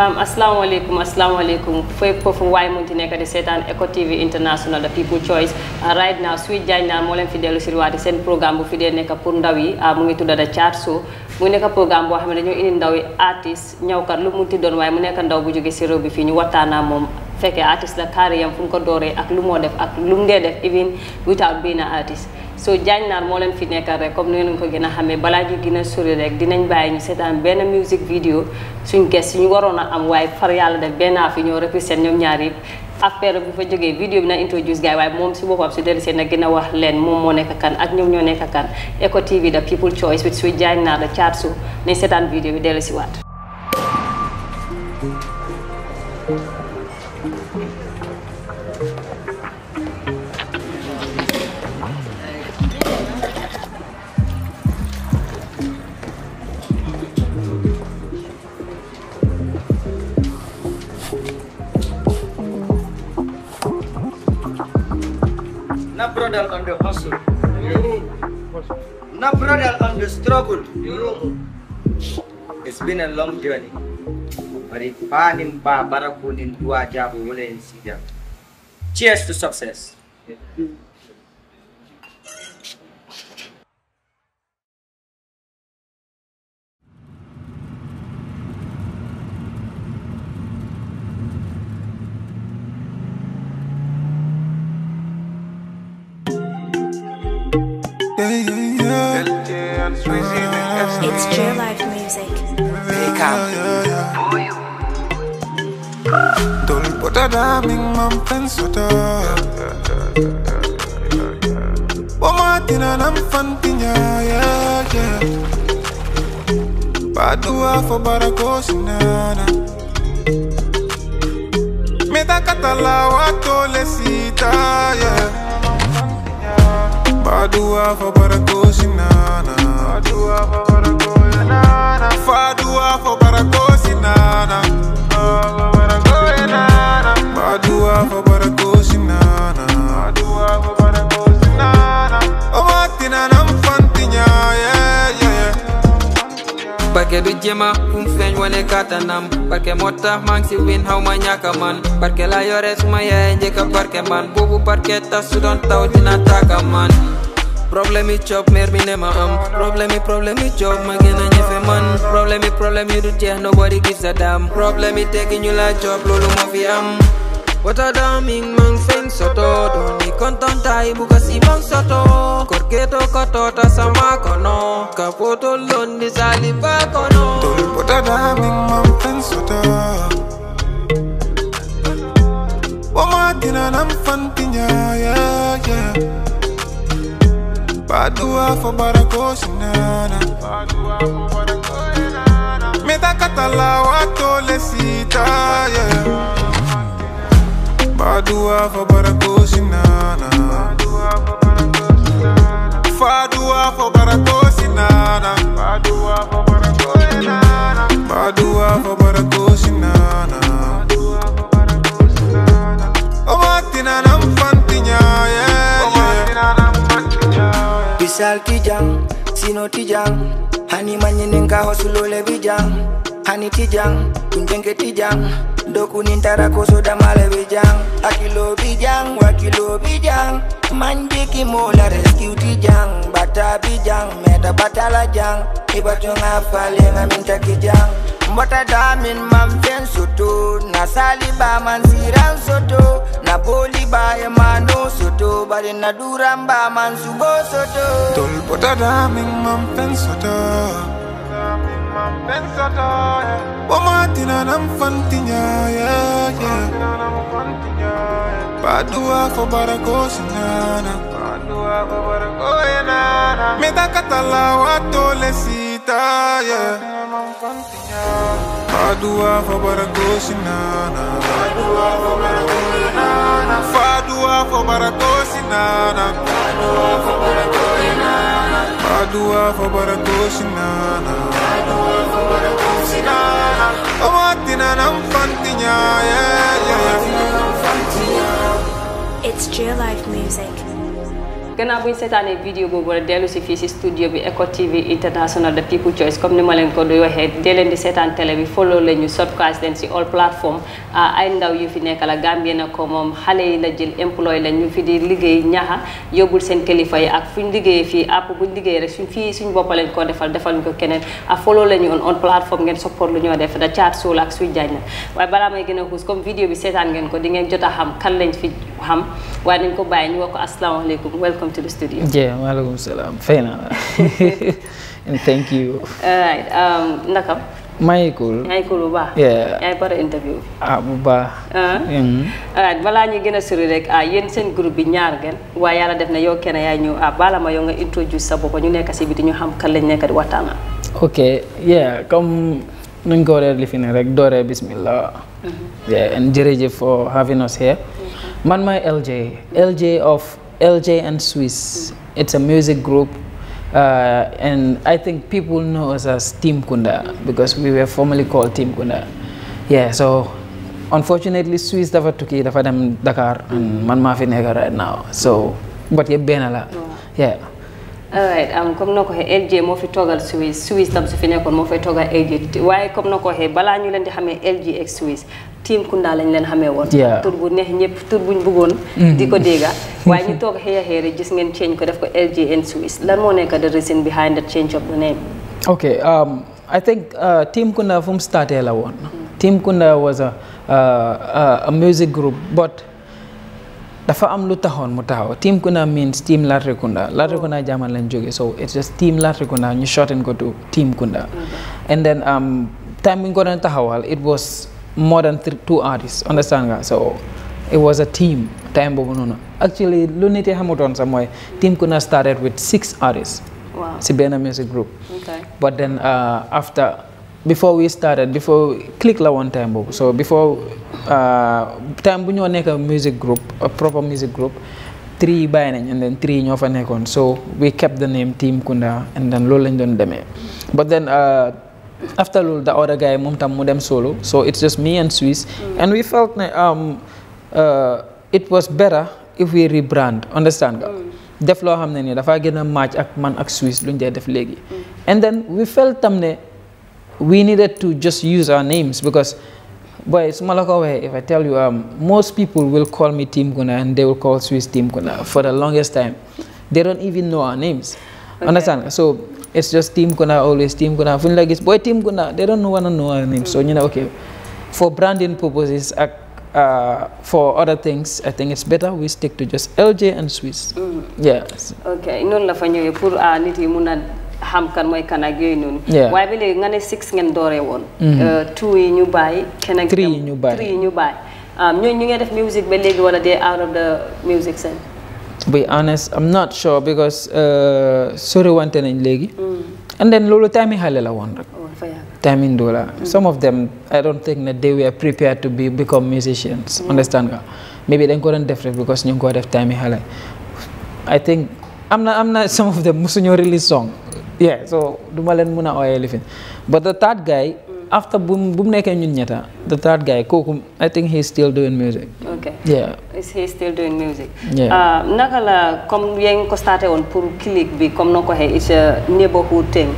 Um, asalaamaaleykum asalaamaaleykum fépp foofu waaye mun ci nekk di seetaan Eco TV International the People Choice uh, right now Swede Diagne moo leen fi dellu si waati seen programme bu fi dee nekk pour ndaw yi uh, mu ngi tudda da Chat mu nekk programme boo xam ne dañoo indi ndaw yi artiste ñawkat lu mu ti doon waaye mu nekk ndaw bu jógee si réew bi fii ñu waxtaanaa moom fekkee artiste la carrière am fu mu ko dooree ak lu moo def ak lu mu dee def even without being an artiste soo jaañ naar moo leen fi nekkal rek comme ni ngeen ko gën a xamee balaa ñu gën a sori rek dinañ bàyyi ñu seetaan benn music video suñ ges ñu waroon a am waaye far yàlla def benn fi ñoo represent ñoom ñaar yëpp affaire bu fa jógee vidéo bi na introduce gars yi waaye moom si boppam su dellu seen na gën a wax leen moom moo nekk kan ak ñoom ñoo nekk kan Eco TV da people choice with suy jaañ naar da caat su nañ seetaan vidéo bi dellu si waat not brother on the hustle. Not brother on the struggle. It's been a long journey. But if Panim Babarakunin Dua Jabu Wule in Cheers to success. da bing mam fen soto Wama nam fan yeah yeah sinana Meta katala watole sita. yeah Padua fo barako sinana Padua fo barako sinana sinana I do have a better cushion, nana. I do have a better cushion, nana. I'm nam and I'm yeah, yeah, yeah. Barke du jema kum feñ wone katanam Barke motax mang si win how ma ñaka man Barke la yore suma yaay njeka barke man bubu barke tas su don taw dina taka man Problemi chop mer mi ne ma am Problemi problemi chop ma gena ñefe man Problemi problemi du jeex nobody gives a damn Problemi tegi ñu la chop lulu ma fi am Wata daming mang feng soto Doni konton tai buka si bang soto Korgeto koto ta sama kono Kapoto lon saliba kono Doni wata daming mang feng soto Wama dina nam fantinya, yeah, yeah. Padua for barako sinana Padua for barako sinana Meta katala wato lesita yeah. Fadua for Barakosinana Fadua for Barakosinana Fadua for Barakosinana Fadua for Barakosinana Omatina nam fantinya Omatina nam kijang, sino tijang Hani manyinenka hosulule bijang Hani tijang, kunjeng ke tijang Doku nintara kosoda male bijang Akilo bijang, wakilo bijang Manjiki mola rescue tijang Bata bijang, meda bata lajang Ibatu yang minta kijang Mbata damin mamfen soto Nasali ba mansiran soto Napoli ba emano soto Bari naduran ba mansubo soto Tolpota damin mamfen soto Bomatina nam fantinya yeah yeah Padua for barakosi nana Padua for barakosi nana Me da katala wato lesita yeah Padua for barakosi nana I'm Fantina. Yeah, yeah, yeah. It's Jill Life Music. gannaaw bu ñu seetaanee vidéo boobu rek dellu si fii si studio bi Eco international de People Choice comme ni ma leen ko du waxee dee leen di seetaan télé bi follow leen ñu subscribe leen si all platform ay ndaw yu fi nekk la Gambie na ko moom xale yi la jël employé la ñu fi di liggéey ñaxa yóbbul seen kilifa yi ak fu ñu liggéeyee fii app bu ñu liggéeyee rek suñ fii suñ boppa leen ko defal defal ñu ko keneen ak follow leen ñu on all platform ngeen support lu ñoo def da caat suul ak suñ jaaj na waaye comme vidéo bi seetaan ngeen ko di ngeen jot a xam kan lañ fi xam waaye nañ ko bàyyi ñu wax ko welcome to the studio. Yeah, walaikum salam. Fena. and thank you. All um, maa ngi cool. maa ngi cool baax. yaa ngi pare interview bi. ah bu baax. Ah. Mm. balaa ñuy gën a sori rek ah yéen seen groupe bi ñaar ngeen waaye yàlla def na yow kenn yaay ñëw ah bala ma yow nga introduce sa bopp ñu nekk si biti ñu xam kan lañ nekk di waxtaanal. ok yeah comme nuñ ko waree lifi rek dooree bismillah. Mm-hmm. yeah and for having us here. Mm-hmm. man maay LJ LJ of LJ and Swiss. It's a music group. Uh, and I think people know us as Team Kunda because we were formerly called Team Kunda. Yeah, so unfortunately Swiss dafa tukki dafa dem Dakar and man Mafi fi right now so but yëpp benn la. yeah. all right um, comme noo ko waxee LJ moo fi Swiss Swiss tam su fi nekkoon moo fay toogal LJ waaye comme noo ko waxee LJ x Swiss team Kunda lañ leen xamee bu neex ñëpp tur buñ mm-hmm. a xëy rek gis ngeen change ko nekk the reason behind the change of the name. ok um, I think uh, la woon. team Kunda was a, uh, uh, a music group but. dafa am lu taxoon mu taxaw team Kunda means team Latrikunda Latrikunda so it's just ñu shorten ko to team Kunda mm-hmm. and then um, time bi taxawal it was more than three, two artists understand nga so it was a team time boobu noonu actually lu nit yi xamutoon sax mooy team ku na started with six artists si benn music group but then uh, after before we started before click la woon time boobu so before uh, time bu ñoo nekk music group a proper music group three bàyyi nañ and then three ñoo fa nekkoon so we kept the name team Kunda and then loolu lañ doon demee after all, the other guy moom mudem solo so it's just me and Swiss mm. and we felt ne um, uh, it was better if we rebrand understand mm. def loo xam ne nii dafaa match ak man ak Swiss lu ñu def mm. and then we felt tamne we needed to just use our names because boy it's malaka la ko if I tell you um, most people will call me Team Guna and they will call Swiss Team Guna for the longest time they don't even know our names understand so it's just team Guna always team Guna fu ñu la gis booy team Guna they don't wanna know our name so ñu ne ok for branding purposes ak uh, for other things I think it's better we stick to just LJ and Swiss. Mm. yes. ok noonu la fa ñëwee pour ah, nit yi mun a xam kan mooy kan ak yooyu noonu. waaye ba léegi nga ne six ngeen dooree woon. Mm-hmm. Euh, two yi ñu bàyyi. keneen three yi ñu bàyyi three yi ñu bàyyi. Ah, ñooñu ñu ngi def music ba léegi wala they out of the music scene. to be honest I'm not sure because uh, wante nañ léegi. Mm. and then loolu time xale la woon rek. time in Ndola. some of them I don't think that they were prepared to be become musicians. Mm. understand nga maybe dañ ko doon def rek because ñu ngi ko def time xale. I think am na am na some of them musuñoo release song. yeah so duma leen mun a oyee lifin but the third guy. after bu mu nekkee ñun ñetta the third guy kooku I think he's is he still doing music. Uh, naka la comme yaa nga ko starté woon pour clique bi comme noo ko waxee it's a neighborhood thing.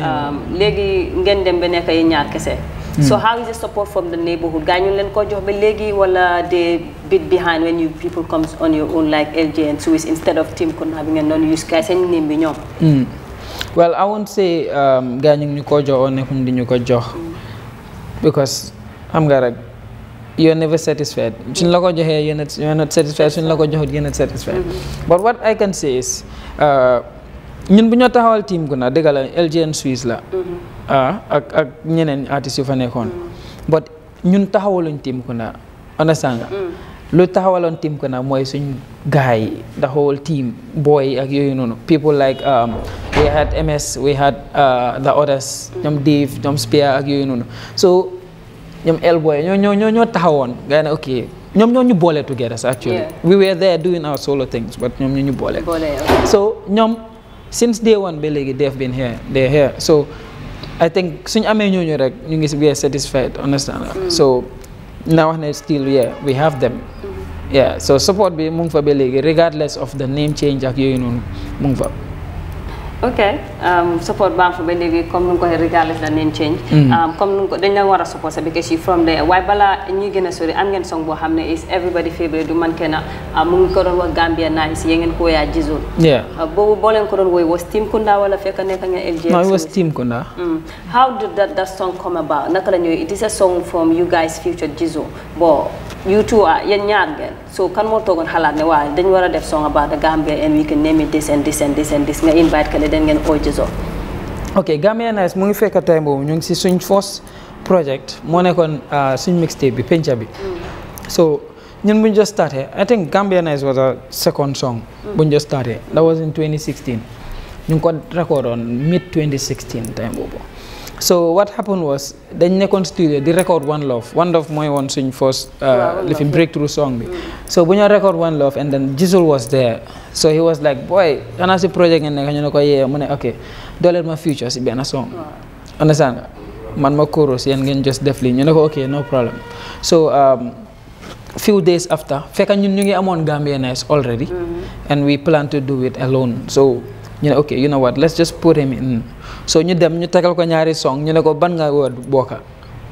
Um, léegi ngeen dem ba nekk yi ñaar kese. Hmm. so how is the support from the neighborhood gaa ñu leen ko jox ba léegi wala they bit behind when you people comes on your own like LG and Swiss instead of team kon naa bi ngeen doon use bi ñoom. Hmm. well I won't say um, gaa ñu ñu ko jox oo nekkuñ ñu ko jox. because xam nga rek you are never satisfied suñ la ko joxee you are not satisfied suñ la ko joxut you are not satisfied but what I can say is uh, ñun bu ñoo taxawal team gu na dëgg la LGN Suisse la mm-hmm. ah, ak ak ñeneen artistes yu fa nekkoon mm-hmm. but ñun taxawaluñ team gu na understand mm. lu taxawaloon team ku na mooy suñ gaay the whole team boy ak yooyu noonu people like um, we had MS we had uh, the others ñoom Dave ñoom Spear ak yooyu noonu so ñoom Elboy ñoo ñoo ñoo ñoo taxawoon ok ñoom ñoo ñu together actually we were there doing our solo things but ñoom ñoo ñu boole so ñoom since day one ba they they've been here they're here so I think suñu amee ñooñu rek ñu ngi we are satisfied understand mm. so now and ne still yeah we have them mm-hmm. yeah so support be mu ngi regardless of the name change ak yooyu noonu ok um, support bank for baby comme nung ko regardless na nen change mm. um, comme nung ko dañ la wara support sa because she from there way bala ñi gëna sori am ngeen song bo xamne is everybody favorite du man kena uh, mu ngi ko doon wax Gambia nice ye ngeen ko ya jizul yeah uh, bobu bo len ko doon woy was team kunda wala fekk nek nga LG no it was hmm. how did that song come about naka la ñoy it is a song from you guys future jizo bo you two are yeen ñaar ngeen so kan mo togon xalaat ne wa dañ wara def song about the den ngeen so ok Gambian Nice mu ngi fekk time boobu ñu ngi si suñ first project moo nekkoon ah, suñ mixtape bi penca bi mm. so ñun buñ just started I think Gambian Nice was a second song buñ just started that was in 2016 ñu ngi ko recordoon mid 2016 time boobu so what happened was dañ nekkoon studio the record One Love One Love mooy one suñ first uh, li fi breakthrough song bi mm. so when ñoo record One Love and then Jizzle was there so he was like boy and I projet ngeen nekk ñu you ko yee mu ne ok dooleel my future si benn song understand man my chorus and ngeen just definitely you know ok no problem so um, few days after fekk ñun ñu ngi Gambia Gambia Nights already mm-hmm. and we plan to do it alone so ñu ne ok you know what let's just put him in so ñu dem ñu tegal ko ñaari song ñu ne ko ban nga woo bokka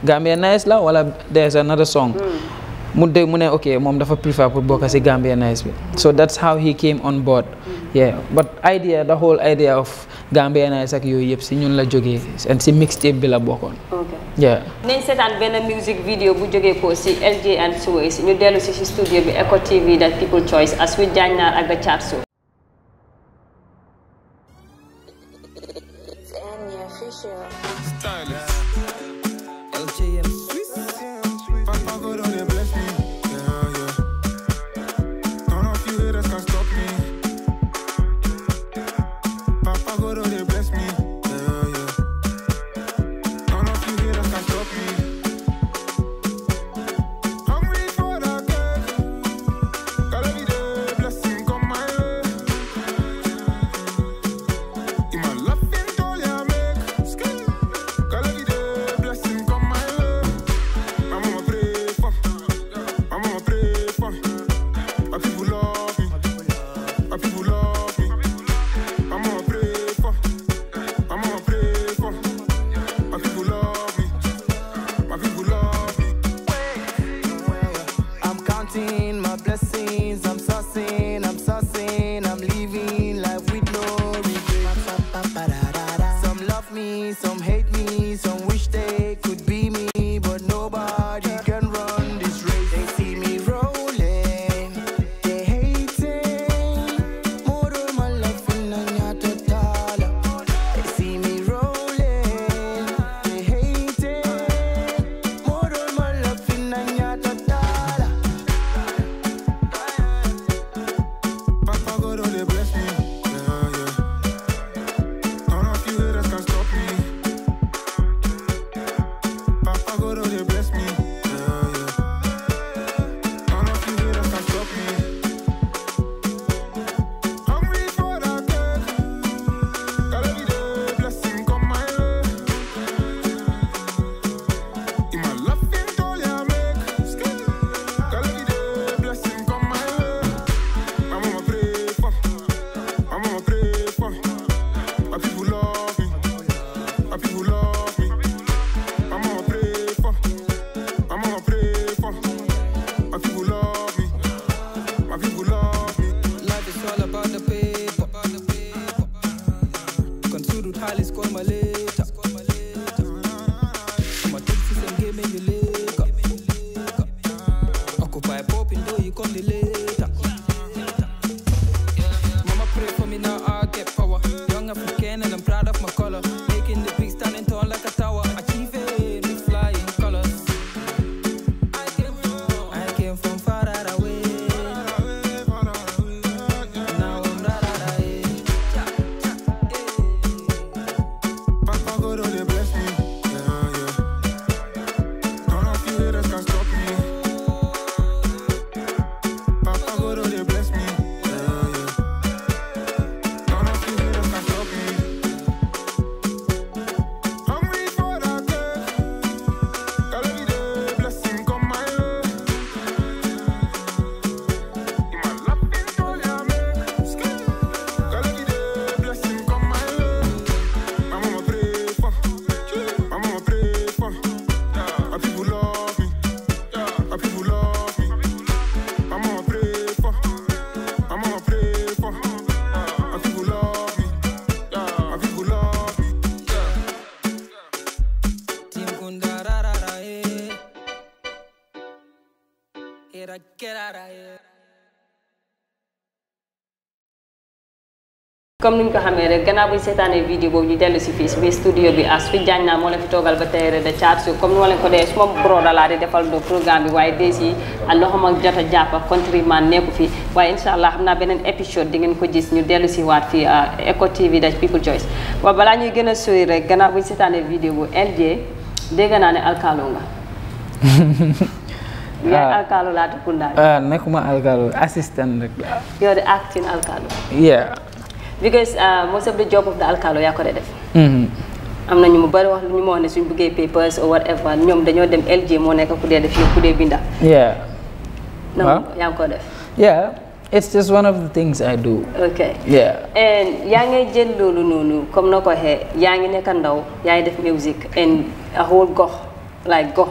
Gambia Nice la wala there's another song hmm. mu de mu ne ok moom dafa préfère pour bokka si Gambia Nice bi so that's how he came on board hmm. yeah but idea the whole idea of Gambia Nice ak yooyu yëpp si ñun la jógee and si mixtape bi la bokkoon yeah nañ seetaan benn music video bu jógee ko si LJ and Swayze ñu dellu si studio bi Eco TV that people My people love I'm counting. comme ni ñu ko xamee rek gannaaw bu ñu seetaanee vidéo boobu ñu dellu si fii si biir studio bi as fi jaañ naa moo leen fi toogal ba tey de caat si comme ni ma leen ko dee suma broda laa di defal do programme bi waaye dès yi loxo ma jot a jàpp contribuement nekku fi waaye allah xam naa beneen épisode di ngeen ko gis ñu dellu si waat fii euh, Eco TV da People balaa gën a sori rek gannaaw bu ñu seetaanee vidéo naa ne alkaalo nga yaa ah. alkaalo laa tukkul daal ah, nekkuma alkaalo assistant rek yow de acting alkaalo yeah because uh, most of the job of the alkalo yaa ko de def. Mm-hmm. am na ñu mu bari wax lu ñu ma wax ne suñu buggee papers or whatever ñoom dañoo dem LG moo nekk ku dee def yow ku dee binda. yeah. waaw yaa ngi ko def. yaa ngay jël loolu noonu comme noo ko waxee yaa ngi nekk ndaw yaa ngi def music and a whole gox like gox.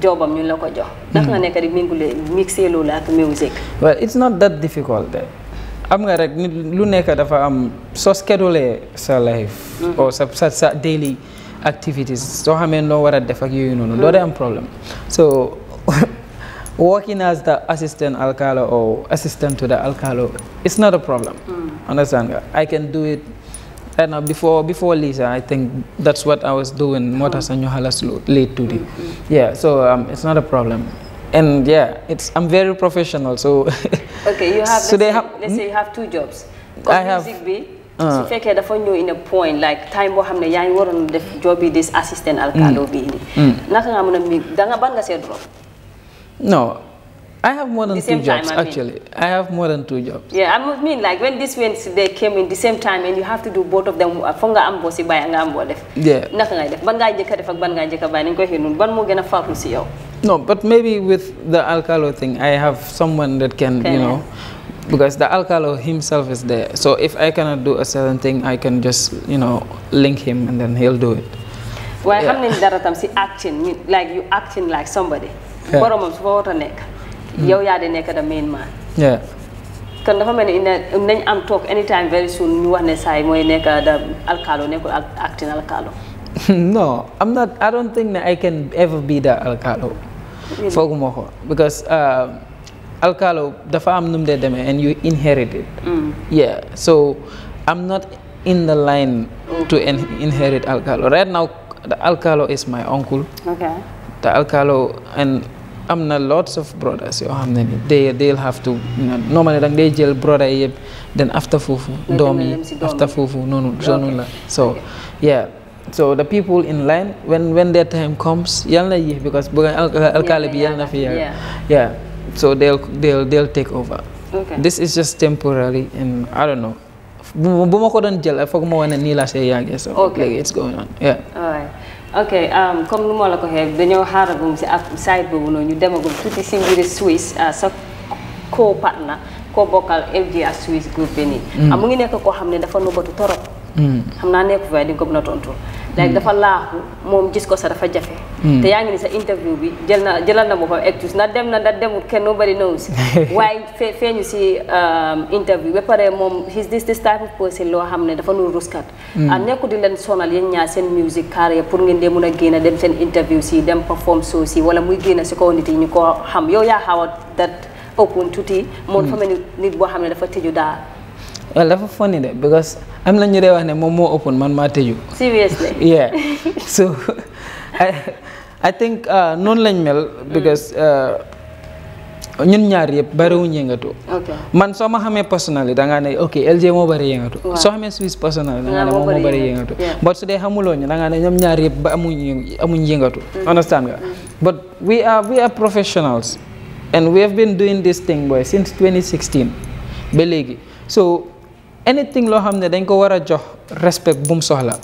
joobam ñu la ko jox. ndax nga mm-hmm. nekk di mingule mixé loolu ak music. well it's not that difficult. am nga rek nit lu nekk dafa am soo schedule sa life mm-hmm. or sa sa sa daily activities soo xamee noo war a def ak yooyu noonu doo dee am mm-hmm. problème so working as the assistant alcalo or assistant to the alcalo it's not a problem mm. understand nga I can do it right uh, before before Lisa I think that's what I was doing What tax sa mm-hmm. ñu xalas late today yeah so um, it's not a problem and yeah, it's I'm very professional. So okay, you have so let's, say, have, let's say you have two jobs. I have. Be, uh, su fekkee dafa ñëw in a point like time boo xam ne yaa ngi waroon def job mm. bi des assistant alkaalo bii nii naka nga mën a mi danga ban nga see drop non I have more than two jobs, time, mean. actually. I have more than two jobs. Yeah, I mean, like, when this went, they came in the same time, and you have to do both of them. Fonga ambo si Yeah. Nothing like that. Ban nga jëkka def ak ban nga jëkka bay, ko xinu. Ban mo gëna faatu ci No, but maybe with the alcalo thing, I have someone that can, okay. you know, because the alcalo himself is there. So if I cannot do a certain thing, I can just, you know, link him and then he'll do it. Why well, yeah. I'm in that time, see acting, like you acting like somebody. Yeah. Hmm. yow yaa di nekk da main man kon dafa mel ni nañ am talk anytime very soon ñu wax ne saay mooy nekk da alkaalo nekkul actin alkaalo no i'm not i don't think that i can ever be that alkaalo really? foguma ko because uh, alkalo dafa am num de deme and you inherit it mm. yeah so i'm not in the line mm. to in inherit alkalo right now the alkalo is my uncle okay the alkalo and am lots of brothers yoo xam ni they they'll have to normally dang day jël brother yi then after foofu doom yi after foofu noonu noonu la so yeah so the people in line when when their time comes yal na yéex because bu alkaali bi yal fi yàgg yeah so they'll they'll they'll take over Okay. this is just temporary and I don't know bu ma ko doon jël foog ma wane nii laa see yàggee so léegi it's going on yeah ok um, comme nu moo la ko xeeb dañoo xaaragum si ak site boobu noonu ñu demagum tuuti si mbiri Swiss uh, sa co partner koo bokkal FGR Swiss group bi nii. Mm. Ah, mu ngi nekk koo xam ne dafa nubatu torop. Mm. xam naa nekk fay di nga ko léegi hmm. dafa laaxu moom gis ko sa dafa jafe hmm. te yaa ngi ni sa interview bi jël na jëlal na boppam actus na dem na na demul kenn nobody knows waaye fe feeñu si um, interview ba pare moom his this this type of person loo xam ne dafa nu ruskat hmm. a ah, nekku di leen sonal yéen ñaar seen music carrière pour ngeen de mun a génn dem seen interview si dem perform show si wala muy génn si ko nit yi ñu ko xam yow yaa xaw a dat open tuuti moom dafa mel nit boo xam ne dafa tëju daal well am na ñu wax ne mom mo open man ma tëju seriously yeah so I, I think uh, non lañ mel because mm. uh, ñun ñaar yëpp bariwuñ yëngatu man so ma xamé personnel da nga né ok LG mo bari yëngatu So xamé Swiss personnel da nga né moom mo bari yëngatu but su dé xamulo ñu da nga né ñom ñaar yeb ba amuñ amuñ yëngatu mm. understand nga mm. but we are we are professionals and we have been doing this thing boy since 2016 ba léegi so anything lo xamne dañ ko wara jox respect bu mu soxla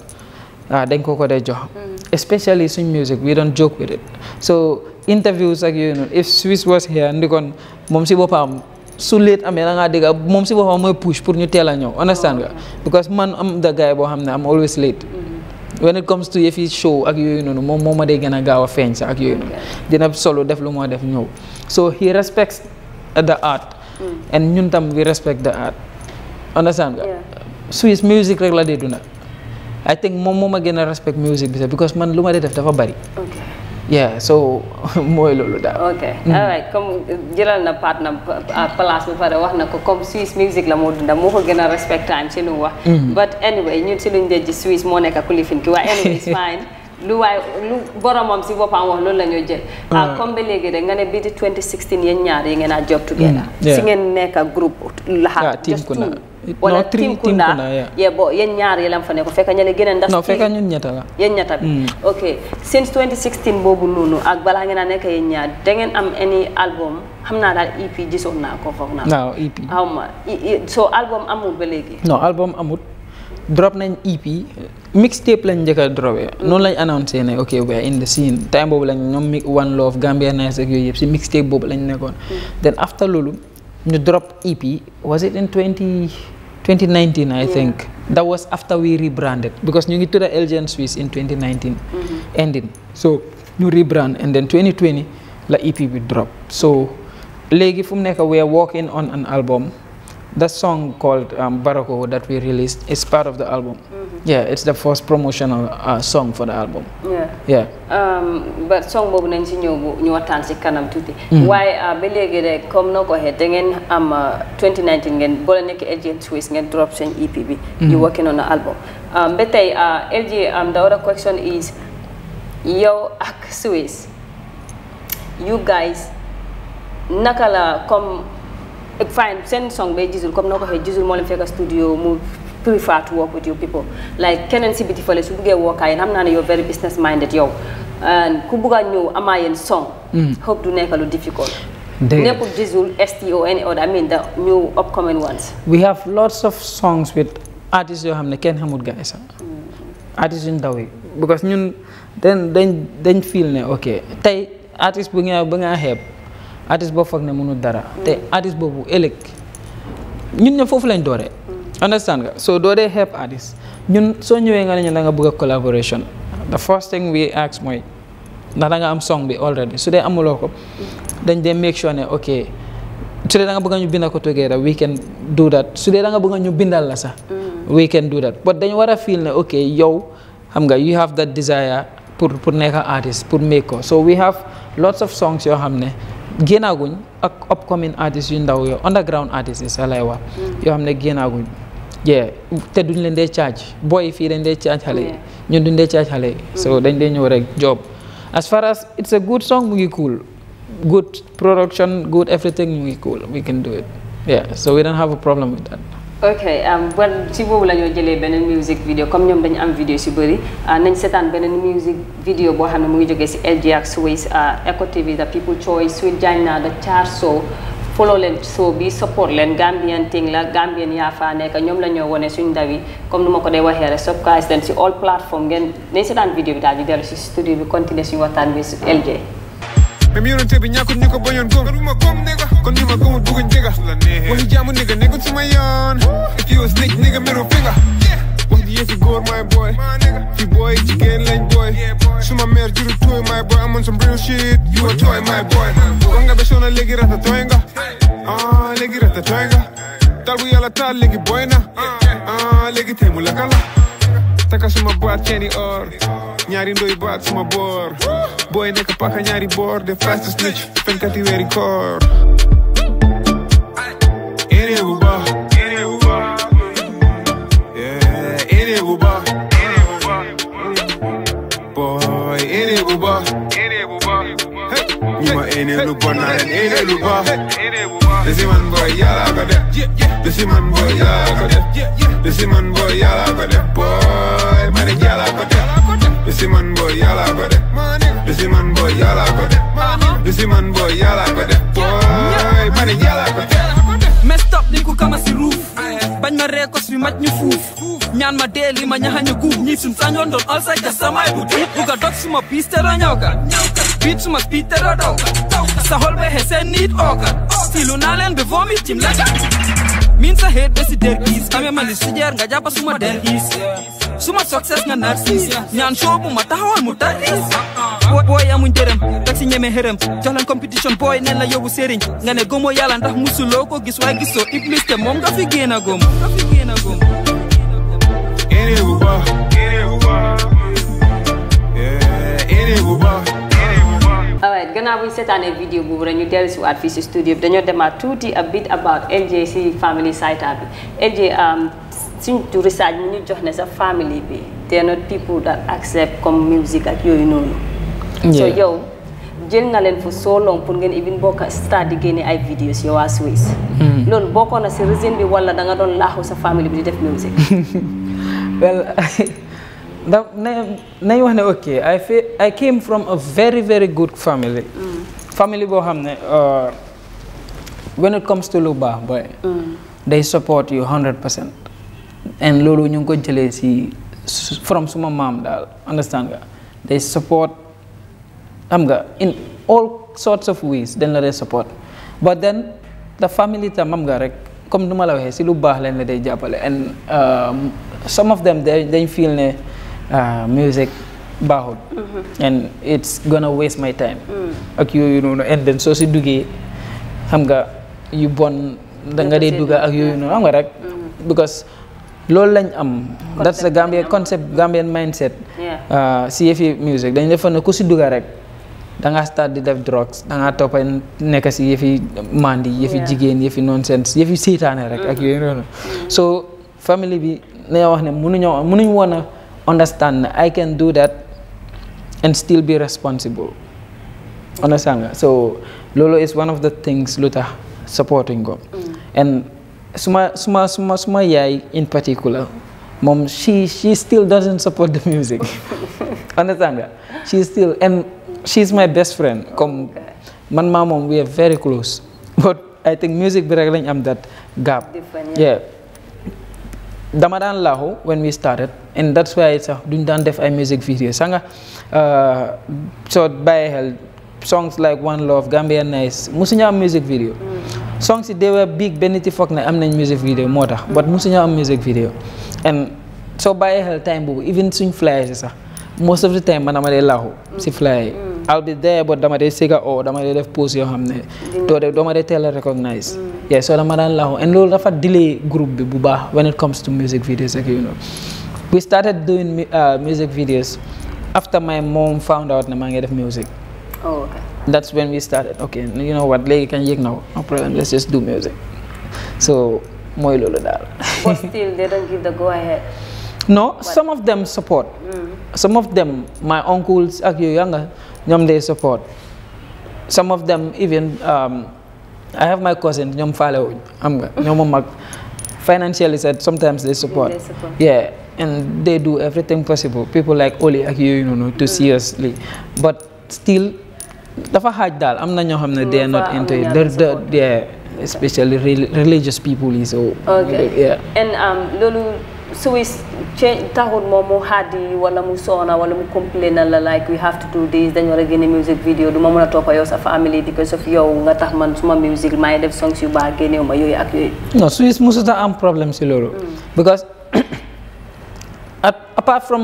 waaw dañ ko ko day jox mm. especially suñ music we don't joke with it so interviews ak yooyu if Swiss was here ndikoon mom si bopam su late amé da nga dégg mom si bopam moy push pour ñu teel understand nga oh, because man am the guy bo xamne am always late mm. when it comes to yëfi show ak yooyu noonu mom moo ma day gën a gaaw a feeñ ak solo def lu moo def so he respects the art mm. and ñun tam we respect the art understand nga Swiss music rek la dee dunda I think moom moo ma gën a respect music bi sax because man lu ma dee def dafa bari yeah so mooy loolu daal. Mm. comme jëlal na paat na place bi pare wax na ko comme Swiss music la moo dunda moo ko gën a respect time ci lu mu wax. Mm-hmm. but anyway ñun si luñ dee ci Swiss moo nekk kulifin ki waaye anyway it's fine. lu waaye lu boromam si boppam wax loolu la ñuy jël. Ah. Ah, comme ba léegi rek nga ne bii di 2016 yéen ñaar yi ngeen a job together. Mm, si ngeen nekk groupe. laxa ah, just two wala team Kunda yee bo yéen ñaar yi la fa nekk fekk ñale gën a ndas. non fekk ñun ñetta la. yéen ñetta bi mm. ok since boobu noonu ak balaa ngeen a nekk yéen ñaar da ngeen am any album xam naa daal EP gisoon naa ko naa. waaw EP xaw ma e, e, so album amul ba léegi. non album amul. drop nañ EP mixtape lañ njëkk a dropé noonu lañ annoncé ne ok we are in the scene time boobu lañ ñoom mi One Love Gambia Nice ak yooyu yëpp si mixtape boobu lañ nekkoon. Mm. then after loolu ñu drop EP was it in 20 2019 I think. that was after we rebranded because ñu ngi tudda Elgin Suisse in 2019. Mm-hmm. ending so ñu rebrand and then 2020 la EP bi drop so léegi fu mu nekk we are working on an album. that song called um, Barako that we released is part of the album. Mm -hmm. Yeah, it's the first promotional uh, song for the album. Yeah. Yeah. Um, but song bobu nañ ci ñew ñu waxtaan ci kanam tuuti. Mm. Waaye uh, ko am um, uh, 2019 ngeen boole LG Twist ngeen drop seen EP mm. You working on the album. Um, ba uh, LG um, the other question is yo ak Swiss you guys nakala la ek fine seen song bay Jizzle comme noo ko waxee Jizzle moo leen fekk studio mu prefer to work with you people like keneen si biti fële su buggee wookaa yéen xam naa ne yow very business minded yow ku bugg a ñëw song mm. hope du nekk lu difficult nekkul Jizzle ST or any e other I mean the new upcoming ones we have lots of songs with artistes yoo xam ne kenn xamul gars yi sax mm. artistes yi because ñun dañ dañ dañ feel ne ok tey artiste bu nga bu nga artiste boo foog ne mënul dara. te artiste boobu ëllëg ñun ñëpp foofu lañ dooree. understand nga soo dooree help artiste ñun soo ñëwee nga ne ñu da nga bëgg a collaboration the first thing we ask mooy ndax danga am song bi already su dee amuloo ko dañ dee make sure ne ok su dee da nga bëgg ñu bindal ko together we can do that su dee da nga bëgg ñu bindal la sax. we can do that but dañ war a feel ne ok yow xam nga you have that desire pour pour nekk artiste pour make ko so we have lots of songs yoo xam ne. génnaaguñ ak upcoming artistes yu ndaw yo underground artistes yi lay wax mm. yoo xam ne génnaaguñ yeah te duñ leen dee caaj booy fii dañ dee caaj xale yi ñun duñ dee caaj xale yi so mm. dañ dee ñëw rek job as far as it's a good song mu ngi cool good production good everything mu ngi cool we can do it yeah so we don't have a problem with that ok ban um, si boobu lañoo jëlee beneen music video comme ñoom dañu am vidéo si bëri uh, nañ seetaan beneen music video boo xam ne mu ngi jógee si LG ak Swizz uh, Eco TV The People Choice Sweet naa The Char Show follow leen show bi support leen Gambian thing la Gambian yaa faa nekk ñoom la ñoo wone suñ ndaw yi comme nu ma ko dee waxee rek subscribe leen si all plateforme ngeen nañ seetaan vidéo bi daal di dellu si studio bi continuer suñu waxtaan bi LG Même yoon te bi ñàkkut ñu ko bañoon góom daruma góom nigga kon ñu ma góomut bëgguñ jega nigga nekkul suma yoon if you a snake nigga middle finger wax di yëfi góor my boy fi boy get lañ boy suma mère juru tooy my boy I'm on some real shit you a toy my boy wax nga besoona léegi rata tooy ah legi rata tooy nga tal bu yàlla taal léegi boy ah legi tey la kala taka suma baat ceeni or ñaari ndoy baat suma boor Boy, neka pahanja ribor, de faste snitch, penka ti veri kor Ere uba, ere uba Yeah, ere uba, ere uba Boy, ere uba, ere uba Hey, Nima ene lupa na en ene lupa Desi man boy, yala ka de Desi man boy, yala ka de Desi man boy, yala ka de Boy, man yala ka de This is man boy, y'all out for that. This is man boy, y'all out for that. This is man boy, y'all out for that. Boy, man, y'all out for that. Messed up, ni ku kama si roof. Bañ ma ree ko si maj ñu fuuf. Ñaan ma dee li ma ñaxañu guub. Ñi sun sañoon doon all side samay bu tuub. dog suma piis te ra ñaw ka. Beat suma speed te ra daw ka. Sa xol be xese nit ooka. Stilu naa leen be vomit cim lekka. Min sa heet be si der suma der giis suma sukses nga narcisse ñaan show bu ma taxawal mu taris boy amuñ dërëm taxi ñeme xërëm jox competition boy neen la yobu sëriñ nga ne gomo yàlla ndax musuloo ko gis waaye gisoo iblis te moom nga fi génn gom alright gannaaw buñ seetaanee video bu rek ñu dellu si waat fii studio bi dañoo demaat a bit about LJC family site up. LJ um, to research mu ñu jox ne sa family bi they are not people that accept comme music ak yooyu noonu so yow jël nga leen fu so long pour ngeen even bokk start di génne ay videos yow waa Suisse hmm. loolu bokkoon a si reason bi wala danga doon laaxu sa family bi di def music well da nañ wax ne ok I feel I came from a very very good family hmm. family boo xam ne uh, when it comes to lu baax boy hmm. they support you and lolu ñu ko jëlé si from suma mam dal, understand nga they support am nga in all sorts of ways Then la support but then the family ta mam nga rek comme duma la waxee si lu baax leen la day jappalé and um, some of them they, they feel ne uh, music baaxul mm -hmm. and it's gonna waste my time mm. ak you know, and then so ci duggé xam nga yu bon da nga day dugga ak yooyu noonu am nga rek mm. because lol lañ am. that's the Gambia concept Gambian mindset. uh, cfe music dañ defoon ne ku si dugga rek da nga start di def drugs da nga topay nek ci yefi mandi yeah. jigen Yefi nonsense Yefi seytaane rek ak mm-hmm. yooyu noonu. so family bi dañoo wax ne mënuñoo munu ñu wona understand I can do that and still be responsible. a sanga, so lolo is one of the things luta supporting supporting mm. and. Suma, Suma, Suma, Suma Yai in particular, mom, she, she still doesn't support the music. Understand that? She's still, and she's my best friend. Come, okay. man, mom, mom, we are very close. But I think music, I'm that gap. Different, yeah. yeah. dama when we started and that's why sax duñ daan def I music video sa nga uh, soo bàyyi songs like One Love Gambian Nice musuñu music video mm. songs they were big benn ci foog ne am nañ music video moo tax but mosuñoo am music video and soo bàyyi xel time boobu even suñ flyers yi sax most of the time man dama dee laaxu si flyer yi mm. I'll be there dama dee siga oo oh, dama dee def pause yoo xam ne doo de dama dee teel a recognize mm. yeah soo dama daan laaxu and loolu dafa delay group bi bu baax when it comes to music videos ak you know we started doing uh, music videos after my mom found out ne maa ngi def music oh, that's when we started ok you know what Leg can yëg now, no problem let's just do music so mooy lolo dal. but still they don't give the go ahead. no some of them support. Mm. some of them my uncles are you yanga ñoom they support some of them even um, I have my cousin, ñoom follow. I'm financially said sometimes they support. yeah and they do everything possible people like Oli ak you know, too mm. seriously but still. dafa xaaj daal am na ñoo xam ne they are not into it they're especially religious people yi so yeah and um, loolu Swiss taxul moom mu xaddi wala mu soona wala mu complain la like we have to do this dañu war génne music video du ma mën a topp yow sa family because of yow nga tax man suma music maa ngi def songs yu baax génneew ma yooyu ak yooyu non Swiss mosut a am problème si loolu mm. because apart from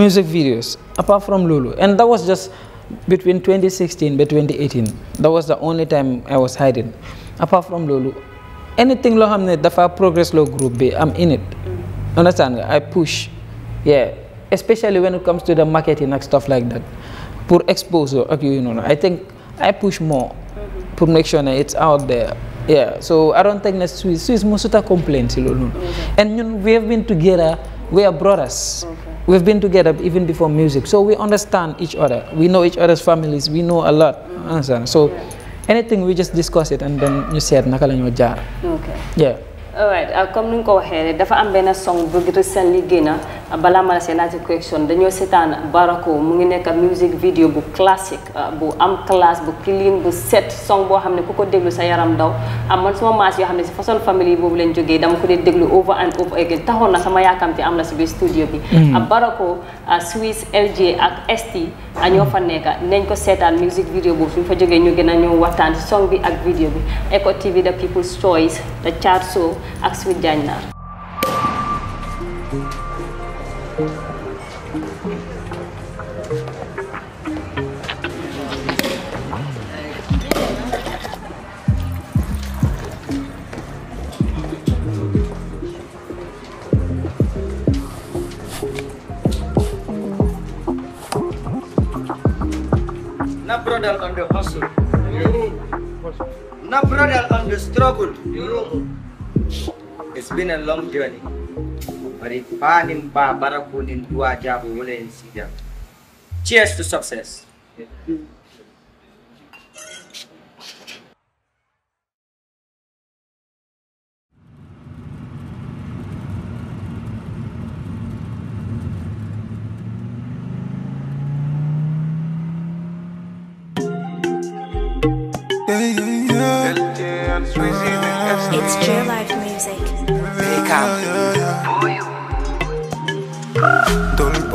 music videos apart from loolu and that was just between 2016 ba 2018 that was the only time I was hiding apart from Lulu, anything loo xam dafa progress loo group bi am in it understand I push yeah especially when it comes to the marketing and stuff like that pour expose ak you know. I think I push more pour make sure it's out there yeah so I don't think ne Swiss Swiss musuta complain si loolu noonu and we have been together we are brothers. Okay we've been together even before music so we understand each other we know each other's families we know a lot mm -hmm. so yeah. anything we just discuss it and then you said naka okay yeah alright euh, comme ni nga ko waxee rek dafa am benn song bu recently na euh, balaa ma la see laajte question dañoo seetaan Barako mu ngi nekk music video bu classique euh, bu am classe bu clean bu set song boo xam ne ku ko déglu sa yaram daw am ah, man suma maas yoo xam ne si façon famille boobu leen jógee dama ko dee déglu over and over again taxoon na sama yaakamti am na si biir studio bi. Mm. Ah, Barako ah, Swiss LJ ak ST. añoo fa nekka nañ ko seetaan musique vidéo boobu suñ fa jógee ñu gën a ñëw waxtaan song bi ak vidéo bi Eco TV the people's choice the Chart Show ak Sweet Jagnar brother on the hustle. No brother on the struggle. It's been a long journey. But if finding Barbara could do a job, we would see them. Cheers to success.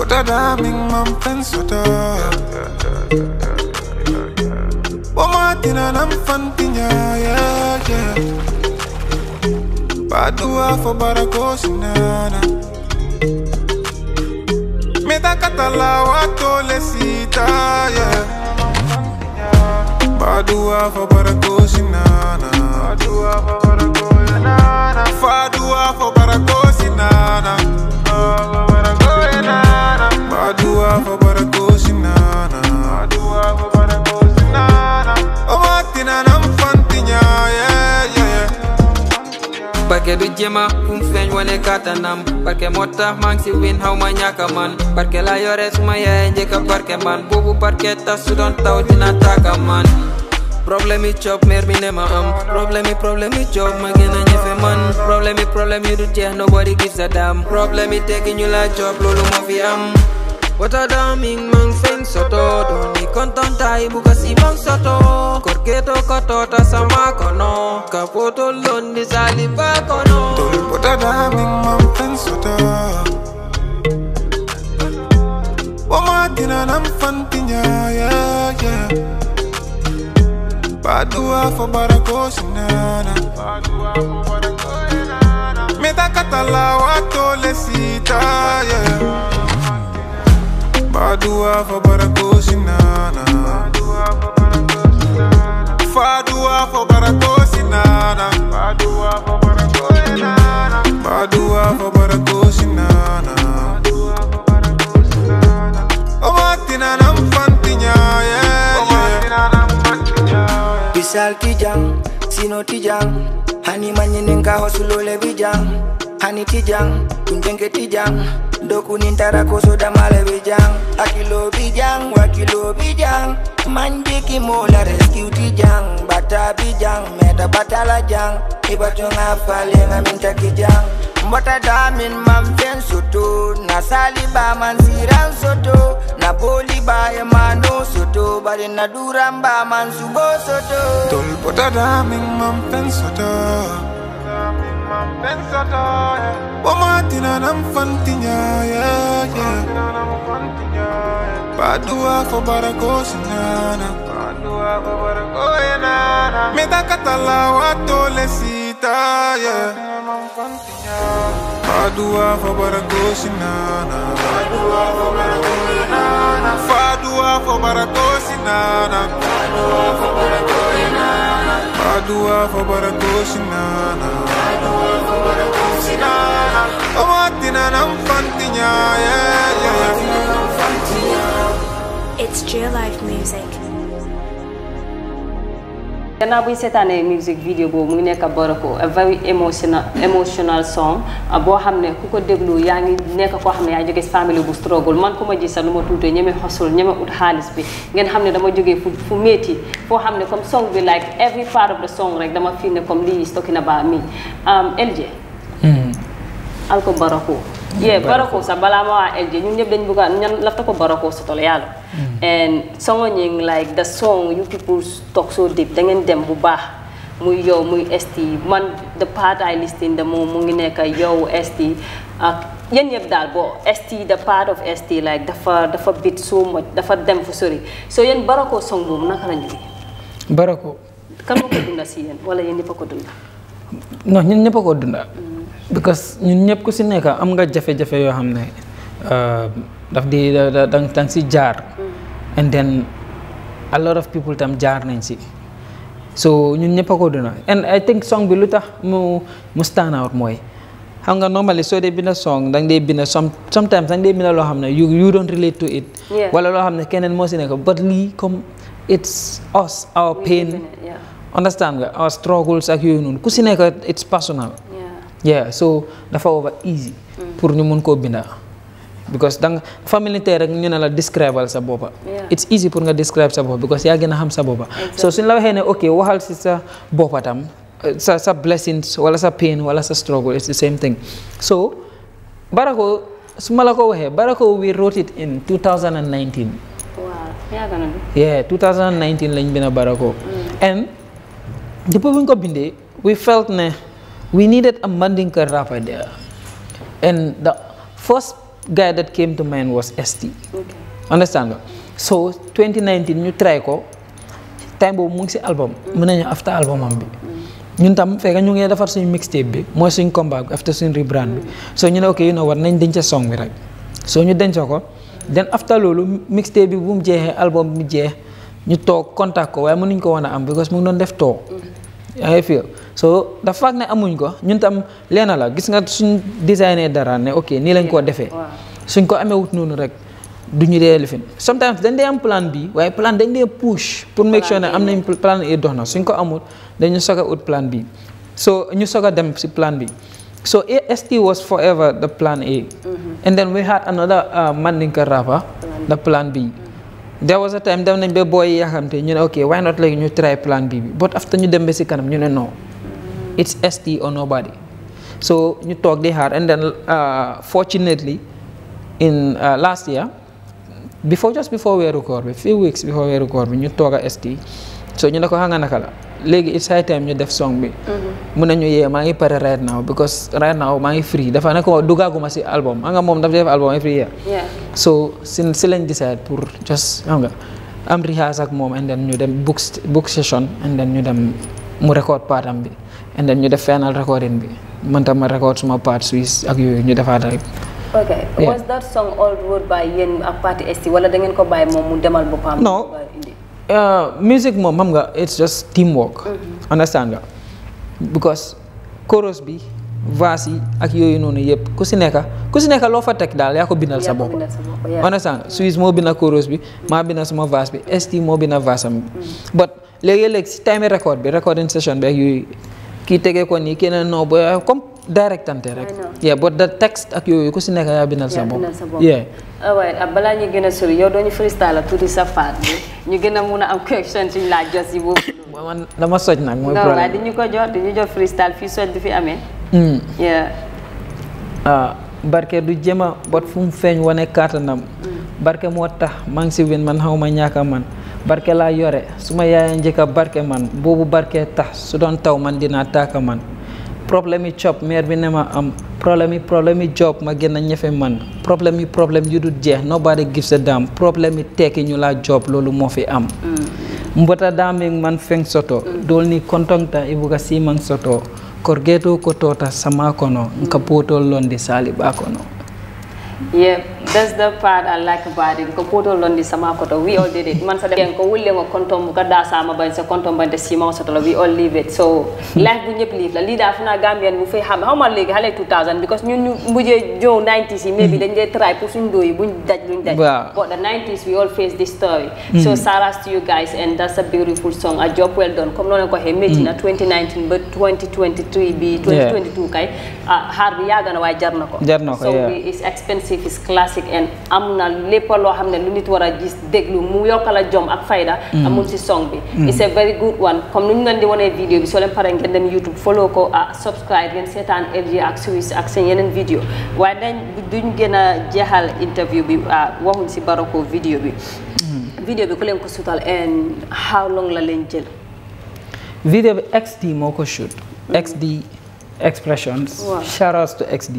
Soda da big man pen soda Boma tina nam fantinya yeah yeah Padua for barakosinana Meta katala wato lesita yeah Padua for barakosinana Padua for barakosinana Padua for barakosinana Adua for Barakosinana Adua for Barakosinana Oh, Martina, I'm Fantina, yeah, yeah, yeah Barke du jema kum feñ wone katanam barke motax mang si win haw ma ñaka man barke la yore suma yaay ñeka barke man bubu barke tass don taw dina taka man Problemi chop mer mi nema am Problemi problemi chop ma gena ñefe man Problemi problemi du jeex nobody gives a damn Problemi teki ñu la chop lolu mo fi am Wata ming mang feng soto Doni konton tai buka si mang soto Korgeto koto ta sama kono Kapoto lon di saliba kono Doni wata ming mang feng soto Wama dina nam fantinya yeah, yeah. Padua for barako sinana Padua for barako sinana Meta katala wato lesita yeah. Fadua for Barakosinana Fadua for Barakosinana Fadua for Barakosinana Fadua for Barakosinana Omatina oh, nam fantinya yeah Bisal oh, kijang, sino tijang Hani manyeneng ka hosulole bijang hani tijang kunjenge tijang dokunin tara kosoda male bijang akilo bijang wakilo bijang manjiki mola rescue tijang bata bijang meta batala jang ibatunga falenga minta kijang mbota damin mamfen soto na saliba mansiran soto na boliba emano soto bari na duramba mansubo soto tolpota damin mamfen soto Bomatina nam fantinya yeah yeah Padua for barakosi nana Padua for barakosi nana Meta katala wato lesita yeah Padua for barakosi nana Padua for barakosi nana Padua for barakosi nana Padua for barakosi nana Padua for barakosi nana it's Jill Life Music. gannaaw bu ñu seetaanee musique vidéo boobu mu ngi nekk Barako very emotional emotional song boo xam ne ku ko déglu yaa ngi nekk koo xam ne yaa jóge si famille bu struggle man ku ma gis sax lu ma tuutee ñeme xosul ñeme ut xaalis bi ngeen xam ne dama jógee fu fu métti foo xam ne comme song bi like every part of the song rek dama feel ne comme lii is talking about me um, LJ alko barako ye barako sa balama wa je ñun ñep dañ bëgg ñan lafta ko barako so tole yalla hmm. and songo ñing like the song you people talk so deep da ngeen dem bu baax muy yow muy ST man the part I listen the mo mu ngi nek yow ST ak ah, yeen ñep dal bo ST the part of ST like dafa dafa bit so much dafa dem fu sori so yeen barako song mom naka la di barako kan mako dunda si yeen wala yeen ñepp dunda non ñen ñepp ko dunda mm. because ñun ñëpp ku si nekk am nga jafe-jafe yoo xam ne euh, daf di da si jaar. Mm. and then a lot of people tam jaar nañ si. so ñun ñëpp a ko duna and I think song bi lu tax mu stand out mooy xam nga normally soo dee binda song da nga dee binda some sometimes da dee binda loo xam ne you you don't relate to it. wala loo xam ne keneen moo si nekk but lii comme it's us our pain. understand nga our struggles ak yooyu noonu ku si nekk it's personal. yeah so dafa over easy mm. pour ñu mun koo binda because danga family tey rek ñu ne la describal sa boppa it's easy pour nga describe sa boppa because yaa gën a xam sa boppa so suñ la waxee ne ok waxal si sa boppa tam eh, sa sa blessings wala sa pain wala sa struggle it's the same thing so Barako su ma la ko waxee Barako we wrote it in 2019. waaw yaakaar naa ne. yeah 2019 lañ bind Barako. Mm. and depuis bu ko bindee we felt ne. we needed a Mandinkar Rafa there. And the first guy that came to mind was ST. Okay. Understand? So 2019 new try ko time bobu mu ngi album mën nañu after album am bi mm. ñun tam fekk ñu ngi defar suñu mixtape bi moy suñu combat after suñu rebrand bi mm. so ñu ne okay you know what nañ denc song bi rek so ñu denc ko then after lolu mixtape bi bu mu jéxé album bi mu jéx ñu tok contact ko way mënuñ ko wona am because mu ngi def to yaa ngi fii so dafa faak ne amuñ ko ñun tam lenn la gis nga suñ designé dara ne ok nii lañ koo defee suñ ko amee wut noonu rek du ñu dee lifin sometimes dañ dee am plan bi waaye plan dañ dee push pour make ne am nañ plan yi dox na suñ ko amul dañu soog a ut plan bi so ñu soog a dem si plan bi so AST was forever the plan A mm-hmm. and then we had another uh, Mandinka Rava the plan B there was a time dem nañ ba booy yi yaxamte ñu ne ok why not léegi ñu try plan B bi but after ñu dem ba si kanam ñu ne noo it's ST or nobody so ñu toog di xaar and then uh, fortunately in uh, last year before just before weeru koor bi few weeks before weeru koor bi ñu toog a ST so ñu ne ko xam nga naka la legi it's high time ñu def song bi. Mm-hmm. mun nañu yee maa ngi paré right now because right now ma ngi free dafa ne ko dugaaguma ci album nga mom dafa def album every year. so sin si lañ decide pour just xam nga am rehearse ak mom and then ñu dem book book session and then ñu dem mu record partam bi and then ñu def final recording bi man tam ma record suma part suis ak yoy ñu dal okay yeah. was that song all wrote by yen ak parti ST wala da ngeen ko bàyyi moom mu demal bopam no. Uh, musique moom mam nga it's just teamwork. Mm-hmm. understand nga because chorus bi vases yi ak yooyu noonu yëpp ku si nekk ku si nekk loo fa teg daal yaa ko bindal sa bopp. understand Suisse moo bina chorus bi maa bina sama vase bi ST moo bina vase am mm. but léegi-léeg si time record bi recording session bi ak yooyu kii tegee ko nii keneen noo ba comme. and direct yeah but the text ak yoyu ko ci nek ya. binal sa bopp yeah ah, waaye ah, balaa ñu gëna a yow doo ñu freestyle tuuti sa fat ñu gëna mëna am question ci la jox ci boobu man dama soj nak moy problème waaye dañu ko jot dañu jox freestyle fi soj du fi hmm yeah ah barke du jema bot fu mu feeñ wane kàttanam hmm. barke moo tax maa ngi win man xawma ñaaka man barke la yoré suma yaay ñeeka barké barke man bobu barke tax su doon taw man dina taaka man Problemi yi cob maire bi ne am Problemi problemi job ma gën ñefe man Problemi problem, problème yu dul jeex nobody gives a damn Problemi yi tekki ñu laa job loolu moo fi am mm. mbota daming man feng soto mm. dol ni kontongta ibuga simang soto korgeto kotota sama kono nka potol londi sali ba kono yep that's the part I like about it man sa dem ko wulle ngo kontom ko da sama ban sa kontom ban de sima so we all live it so life bu ñep live la li da funa gambian bu fay xam how ma legi halé 2000 because jo 90 maybe dañ dé try pour suñ doy buñ daj luñ daj but the 90s we all face this story hmm. so saras a a na 2019 hmm. ba 2023 bi 2022 ah, so it's expensive it's classic en amna na lo xamne lu nit wara gis deglu mu yokala jom ak fayda mm. amul ci song bi mm. it's a very good one comme nu ngandi woné di vidéo bi so len paré ngeen dem youtube follow ko a ah, subscribe ngeen seetaan LG ak suisse ak sen yenen vidéo way dañ duñu gëna jéxal interview bi ah, waxuñ ci baroko vidéo bi mm. vidéo bi ko len ko suutal en how long la len jël vidéo bi XD moko shoot XD expressions shout out to XD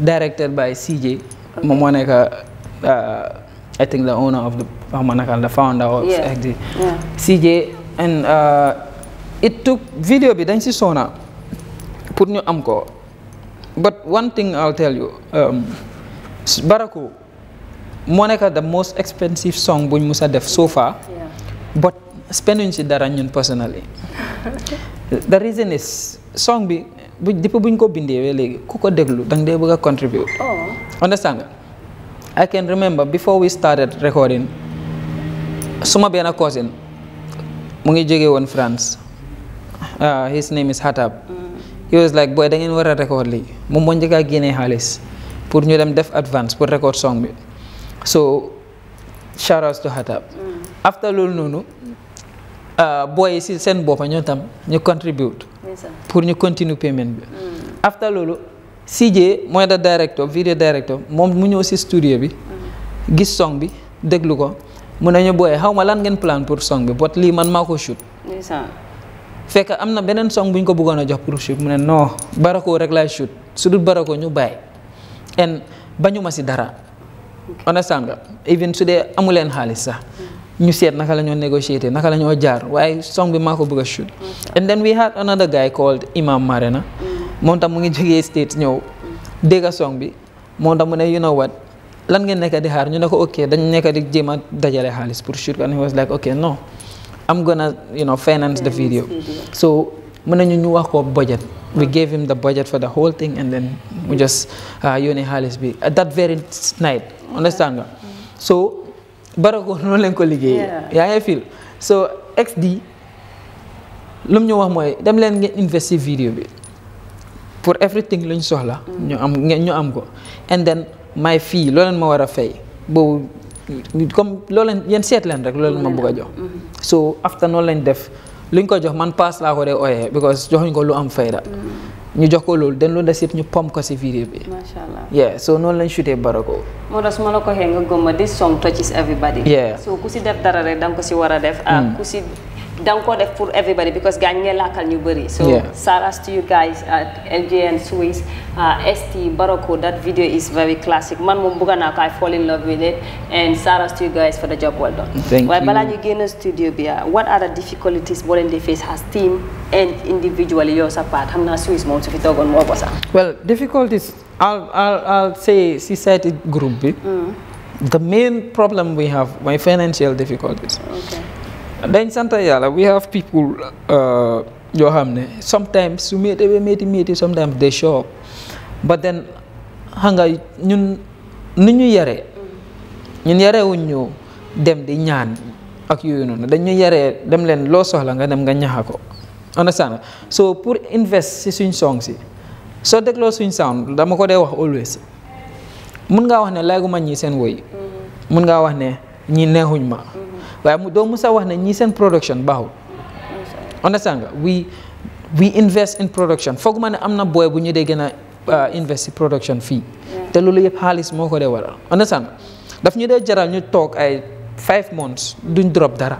directed by CJ moom moo nekk uh, I think the owner of the Hamanakal, of yeah. and uh, it took video bi dañ si sona pour ñu am ko but one um, moo nekk the most expensive song buñ musa def so but spenduñ si dara ñun personally the reason song bi bu depuis buñ ko bindee léegi ku ko déglu danga dee bëgg a contribute oh. understand I can remember before we started recording suma benn cousin mu ngi jóge woon France ah, his name is Hatab mm. he was like boy da ngeen war a record lii moom moo njëkk a xaalis pour ñu dem def advance pour record song bi so shout outs to Hatab mm. after loolu noonu ah, boy si seen boppa ñoo tam ñu contribute pour ñu continue payment bi mm. after loolu CJ mooy da director video director moom mu ñëw si studio bi gis song bi déglu ko mu ne ñu booyee xaw ma lan ngeen plan pour song bi bot lii man maa ko shoot fekk am na beneen song buñ ko buggoon a jox pour shoot mu ne non barako rek laay shoot su dul barako ñu bàyyi en bañu ma si dara understand nga even su dee amu leen xaalis sax mm. ñu seet naka la ñoo négocier naka la ñoo jaar waaye song bi maa ko bëgg a shoot and then we had another guy called Imam Marena mm. moom tam mu ngi jógee States ñëw dégg song bi moom tam mu ne you know what lan ngeen nekk di xaar ñu ne ko ok dañu nekk di jéem a dajale xaalis pour shoot and he was like ok non am gonna you know finance the video so mu ne ñu ñu wax ko budget we gave him the budget for the whole thing and then we just uh, yónnee xaalis bi that very night understand nga so barako noonu leen ko liggéey yaa ngi so XD lu mu ñu wax mooy dem leen ngeen investi vidéo bi pour everything lu ñu soxla. ñu am ñu am ko. and then may fii loo leen ma war a fay boobu comme loo leen yéen seet leen rek loo leen ma bëgg a jox. so after noonu lañ def ñu ko jox man paas laa ko dee ooyee because joxuñ ko lu am fayda. ñu jox ko loolu dañ lu des yëpp ñu pom ko si vidéo bi. macha allah yeah so noonu lañ shooté Barako. moo tax su ma la ko xee nga gëmma this song touches everybody. yeah so ku si def dara rek da ko si war a def. ah ku si. danga ko def everybody because gaañ nga laakal ñu so saras to you guys at LJN Swiss uh, ST Baroko that video is very classic man moom bëgg I fall in love with it and saras to you guys for the job well done Thank you. balaa ñu génn studio bi uh, what are the difficulties boo leen face as team and individually yow part xam naa Swiss moom su fi toogoon moo well difficulties I'll, I'll, I'll say she said it, bi mm. the main problem we have my financial difficulties okay dañ sant yàlla we have people uh, yoo xam ne sometimes su métti ba métti métti sometimes they show ba but then xam nga ñun ni ñu yare ñun yarewuñ ñu dem di ñaan ak yooyu noonu dañ yare yaree dem leen loo soxla nga dem nga ñaxa ko understand so pour invest si suñ song si soo dégloo suñ sound dama ko dee wax always mun ngaa wax ne ma ñii seen woy mm. mun ngaa wax ne ñii neexuñ ma waaye mu doo musa wax ne ñii seen production baaxul understand nga we we invest in production foog ma ne am na booy bu ñu dee gën a uh, invest in production fii te loolu yëpp xaalis moo ko dee waral understand daf ñu dee jaral ñu toog ay five months duñ drop dara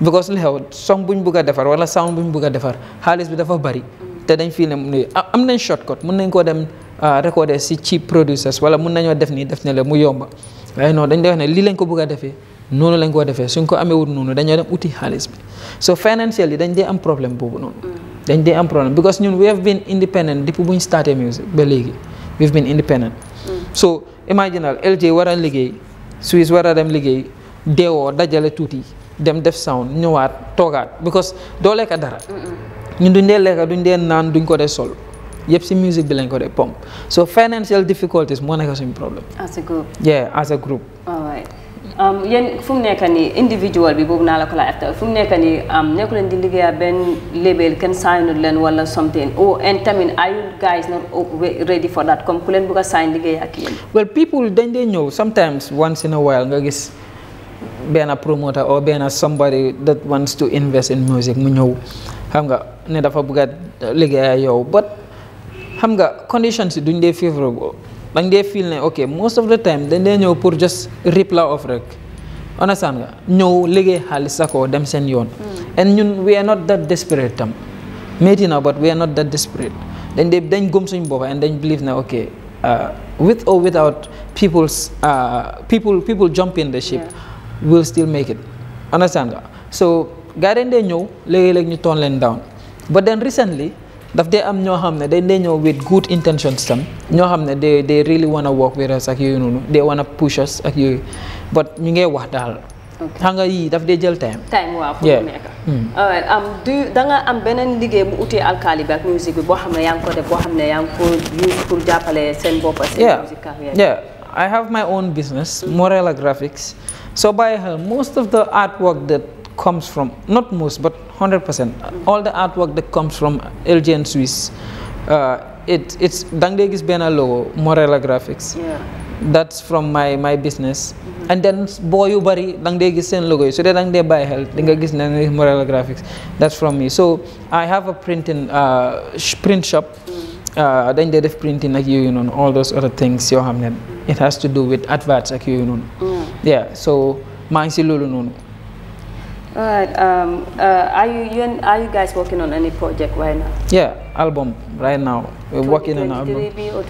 because li xew song buñ bugg a defar wala sound buñ bugg defar xaalis bi dafa bari te dañ fii ne mu am nañ shortcut mun nañ koo dem uh, recorder si cheap producers wala mun nañoo def nii def ne la mu yomba waaye non dañ dee ne lii lañ ko bugg a defee noonu lañ ko defee suñ ko amee wut noonu dañoo dem uti xaalis bi so yi dañ dee am problème boobu noonu. Mm. dañ dee am problème because ñun we have been independent depuis bu ñu starté music ba léegi we have been independent. Mm. so imaginal LJ war a liggéey Suisse war a dem liggéey deewoo dajale tuuti dem def sound ñëwaat toogaat because doo lekk dara. ñun duñ dee lekk duñ dee naan duñ ko dee sol. yëpp si musique bi lañ ko dee pomp so financial difficulties moo nekk suñu problème. as a group group. Um, yéen fu mu nekk nii individual bi boobu naa la ko laajte fu mu nekk nii um, nekku leen di liggéeya benn label kenn signul leen wala something oh tamit are you guys not ready for that comme ku leen bëgg a sign liggéey ak yéen. well people dañ dee ñëw sometimes once in a while nga gis benn promoter or benn somebody that wants to invest in music mu ñëw xam nga ne dafa bëgg a liggéeya yow but xam nga conditions yi duñ dee favorable dañ dee feel ne ok most of the time dañ dee ñëw pour just rip la off rek understand nga ñëw liggéey xaalis sa ko dem seen yoon hmm. and ñun we are not that desperate tam métti na but we are not that desperate dañ they dañ gëm suñ bopp and dañ believe ne ok uh, with or without people's uh, people people jump in the ship will still make it understand nga so gaa dañ dee ñëw léegi-léeg ñu toon leen down but then recently daf dee am ñoo xam ne dañ dee ñëw with good intentions tam ñoo xam ne they they really a work with us ak yooyu noonu they wanna push us ak yooyu but ñu ngee wax daal xam yii daf dee jël time time waaw fu nekk hmm. am um, du danga am beneen liggéey bu utee alkaali bi ak musique bi boo xam ne yaa ngi ko def boo xam ne yaa ngi ko pour jàppale seen boppa seen musique carrière I have my own business hmm. Morella Graphics so by her most of the artwork that comes from, not most, but 100%. All the artwork that comes from LG and Swiss, uh, it, it's Dangdegis Bena logo, Morella Graphics. Yeah. That's from my, my business. Mm -hmm. And then boy you bari Dangdegis Sen logo. So then they buy health, Dangdegis Morella Graphics. That's from me. So I have a printing, uh, print shop. Mm-hmm. Uh, dañ they def printing you, you know all those other things you have them. it has to do with adverts you know. noonu mm. yeah so my silulu si loolu all right. Um, uh, are you, you are you guys working on any project right now? Yeah, album right now. We're working on album. 2023 or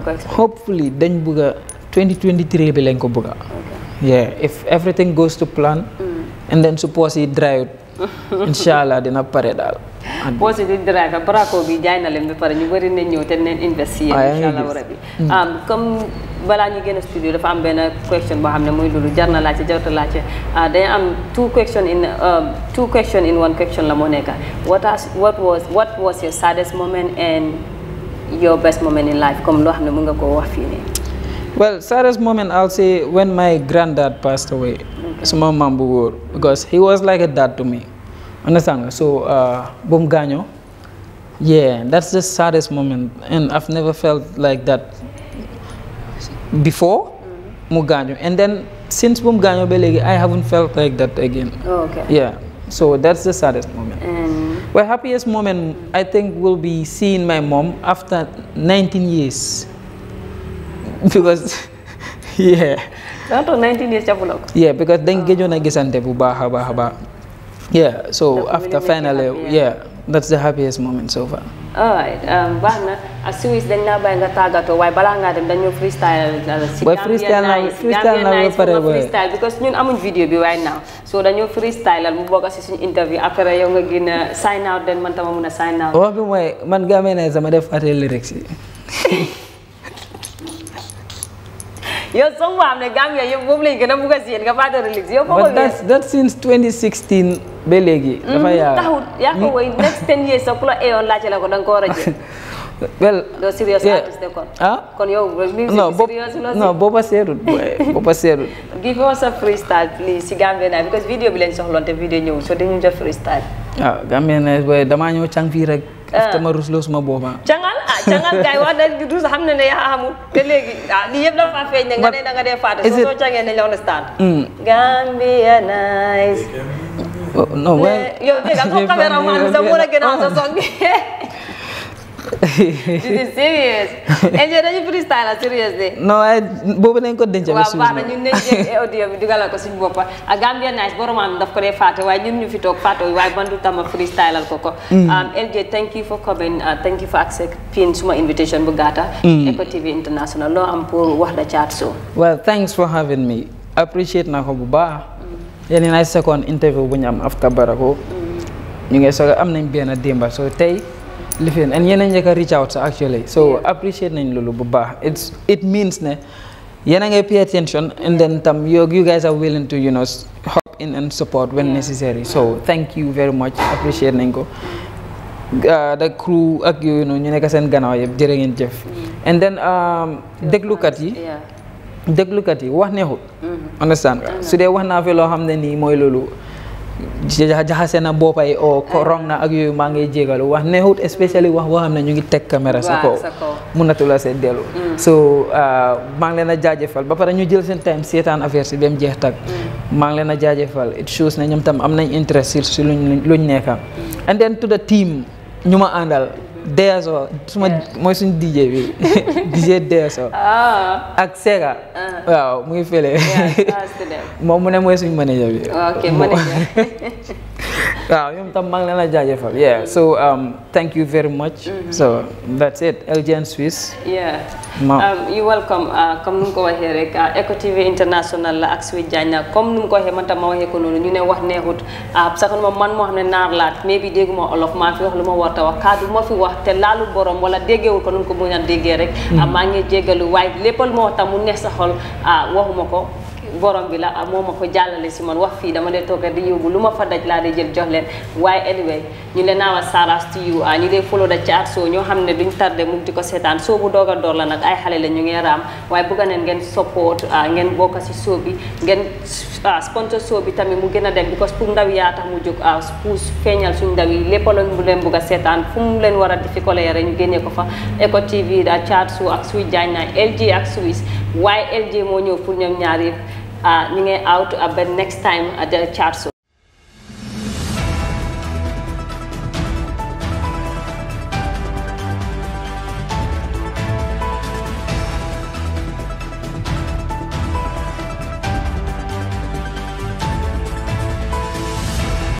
2024 Hopefully then bëgg 2023 bi lañ ko Yeah, if everything goes to plan. Mm. And then suppose it dry out. Inshallah then pare daal boo si di driver Braco bi jaay na leen ba pare ñu bëri nañ ñëw te neen invest si yéen incha allah rabi mm. um, comme balaa ñu génn studio dafa am benn question boo xam ne muy loolu jar na laajte jarta laajte ah, dañu two question in um, two question in one question la moo what as what was what was your saddest moment and your best moment in life comme loo xam ne mën nga koo well saddest moment I'll say when my granddad passed away suma maam bu because he was like a dad to me Understand? So, uh, boom ganyo. Yeah, that's the saddest moment, and I've never felt like that before. Mm. Muganyo, and then since boom ganyo I haven't felt like that again. Oh, okay. Yeah. So that's the saddest moment. Mm. Well, happiest moment I think will be seeing my mom after 19 years, because yeah. After 19 years, Yeah, because then gejo na gisante bu baha baha yeah so after finally uh, yeah that's the happiest moment so far. alright um, baax na as Suisse dañ naa bàyyi nga tàggatoo waaye balaa ngaa dem dañu freestyle. Uh, si freestyle na freestyle na pare freestyle because ñun amuñ vidéo bi waaye naaw so dañoo freestyle mu bokk si suñu interview après yow nga gën a sign out den man tama mun a sign out. waaw oh, bi mooy man gaa mee ne sama def fàtte lyrics yi. yow soo mu am ne Gambia yëpp moom lañ gën a bugg a seen nga fàttali religion. yow foo ko that that since 2016 ba léegi. Mhm, dafa yaa taxut yaa ko woy la eeyoon laajte la ko da nga koo a kon. ah kon yow. non boobu non booba seerut booba seerut. give please si Gambia naa because vidéo bi lañ soxloon te vidéo de so dañu def freestyle. waaw ah, naa damaa ñëw càng fii rek. parce ah. suma boobaa. cangal ah cangal gars yi wax na yaa xamul te léegi ah lii yëpp dafa ne nga ne da dee faatu. soo cangee ne la understand. Mm. Gambia nice. Oh, non waaye. yow dégg nga comme caméra man sax mën a gën a am sa this is serious enjoy dañu freestyle la seriously eh? No, ay eh, boobu nañ ko denc waaw baax na ñun nañ jël audio bi dugalal ko suñu boppa ak Gambia Nice boromam daf ko dee fàtte waaye ñun ñu fi toog fàtte waaye bandu tama freestyle al ko ko mm. um, LJ thank you for coming uh, thank you for accepting suma invitation bu gaata mm. Eco TV International loo am pour wax la caat so well thanks for having me appreciate na ko bu baax mm. yéen naay second interview bu ñu am after Barako ñu ngi soog am nañ benn démba so tey listen and yéen a njëkk a reach out sa actually so appreciate nañ loolu bu baax it's it means ne yéen a ngay pay attention and then tam you you guys are willing to you know hop in and support when necessary so thank you very much appreciate nañ ko da crew ak yooyu noonu ñu nekk seen gannaaw yëpp jërë ngeen jëf mm. and then um, déglukat yi déglukat yi wax neexul mm-hmm. understand su dee wax naa fi loo xam ne nii mooy loolu jaxase na boppay o rong na ak yooyu maa ngay jégalu wax neexut especially wax boo xam ne ñu ngi teg caméra sa kaw mënatula see dellu mm. so ah, maa ngi leen a jaajëfal ba pare ñu jël seen time seetaan affaire si ba jeex tag mm. maa ngi leen a jaajëfal it shows ne ñoom tam am nañ interest si luñ luñ nekka mm. and then to the team ñu ma àndal DSO suma mooy suñu DJ bi DJ DSO. Ah. ak Sega. Ah. waaw muy fële. moom mu ne mooy suñu manager bi. ok manager. waaw ñoom tam maa ngi leen la jaajëfal yeah so um, thank you very much mm -hmm. so that's it LGN Swiss yeah um, you welcome uh, comme nu mu ko waxee rek uh, Eco TV international la ak Switch Jagne comme nu mu ko waxee man tam ma waxee ko noonu ñu ne wax neexut uh, sax ma man moo xam ne naar laat mais bi dégguma olof maa fi wax lu ma war a wax ma fi wax te laalu borom wala déggewul ko nu ko mën a déggee rek mm-hmm. maa ngi jéggalu waaye léppal moo tam mu neex sa xol waxuma ko borom bi la ah, moo ma ko jàllale si man wax fi dama lay toke di yobu luma fa daj la jël jox len way anyway ñu le nawa saras to you ah, a ñu follow da ci arso ñoo xamne duñ tardé mu di ko seetaan so bu doga dor la nak ay xalé la ñu ngi ram way bu ganen ngeen support ah, ngeen bokk ci so bi ngeen sponsor so bi tammi mu gëna dem because pour ndaw ya tax mu a pouce feeñal suñ ndaw yi lepp lañ bu leen bu ga seetaan fu mu leen wara ko ñu ko fa Eco TV da caat soo ak suy jaañ LG ak Suisse way LG mo ñew pour ñom ñaar yi uh, out uh, but next time at ah, the chat